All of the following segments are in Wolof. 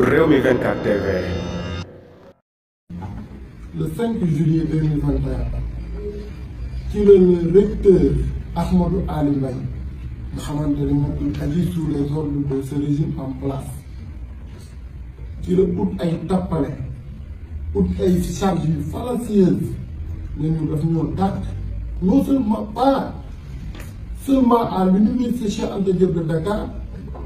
Réumi 24 TV. Le 5 juillet 2021, qui le recteur Ahmadou Ali Mbaye nga xamante ne moom il sous les ordres de ce régime en place ci le ut ay tapalé, ut ay charges de fallacieuses fallacieuse ñu devons nous dàq non seulement pas seulement à l'université Cheikh Anta de Dakar.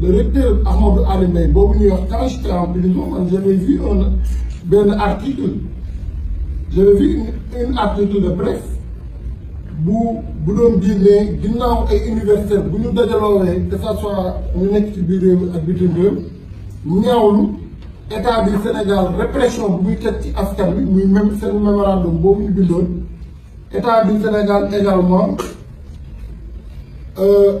le recteur Ahmadou Arimé j'avais vu un article j'avais vu une article de presse que soit état du Sénégal répression mémorandum état du Sénégal également. Euh,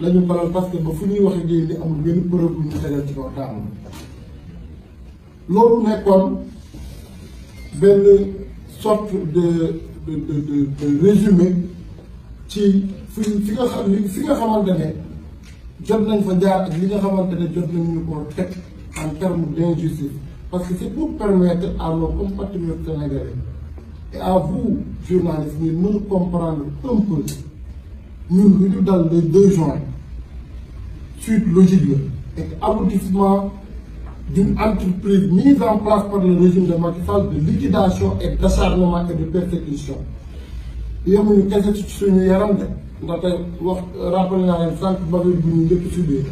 lañu ñu baral parce que ba fu ñuy waxee géey li amul benn bërëb bu ñu tegal ci kaw taamu loolu nekkoon benn sorte de de de de résumé ci fi fi nga xam ni fi nga xamante ne jot nañ fa jaar ak li nga xamante ne jot nañ ñu ko teg en terme d'injustice parce que c'est pour permettre à nos compatriotes sénégalais et à vous journalistes ngeen mën comprendre un peu nous nous retrouvons dans les deux jours. Suite logique. Et aboutissement d'une entreprise mise en place par le régime de maquissage, de liquidation et d'acharnement et de persécution. Il y a une institution qui est rendez-vous. Vous vous rappelez à l'instant que vous avez eu une idée de tout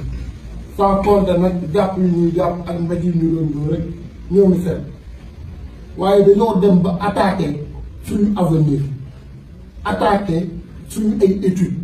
sans que vous avez. 500 ans, vous avez eu une de tout ce que vous avez. Nous, on nous fait. Vous avez des d'attaquer sur l'avenir. Attaquer sur l'étude.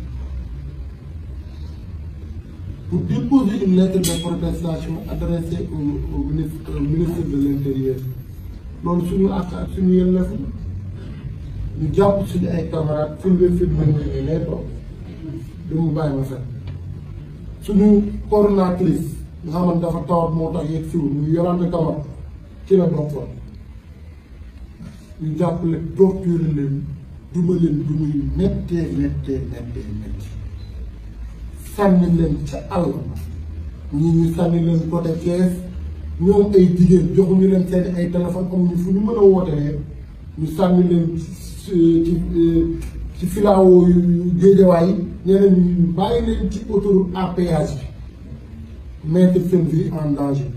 pour déposer une lettre de protestation adressée au, au, ministre, au ministre de l'Intérieur loolu suñu àq ak suñu yelleef ñu jàpp suñu ay camarades filmé filmé nii lay toog du mu bàyyi ma sax suñu coordonnatrice nga xam ne dafa tawat moo tax yëg siwul ñu yorante kamar ci la bokkoon ñu jàppale torture leen duma leen du muy méttee méttee méttee méttee sànni leen ca àll ba ñu sànni leen côté ñoom ay jigéen joxuñu leen seen ay téléphone amuñu fu ñu mën a wootelee ñu sànni leen ci ci filao yu ñeneen ñu bàyyi leen ci autoroute à bi mettre seen vie en danger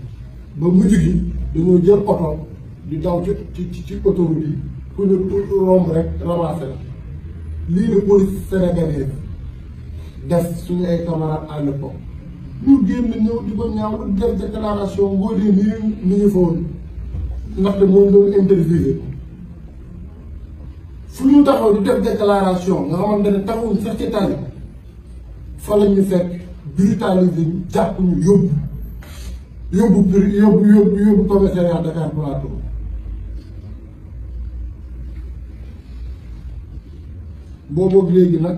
ba mujj gi dañoo jël oto di daw ci ci ci autoroute yi ku ñu romb rek ramasser la lii la police sénégalaise def suñu ay camarades ànd ko ñu génn ñëw di ko ñaaw def déclaration ngóor yi nii ni foon ndaxte moom doon interviewé fu ñu taxaw di def déclaration nga xamante ne taxawuñ sax ci tali fa la ñu fekk brutalisé ñu jàpp ñu yóbbu yóbbu prix yóbbu yóbbu yóbbu commissariat Dakar Plateau boobu léegi nag.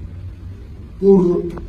por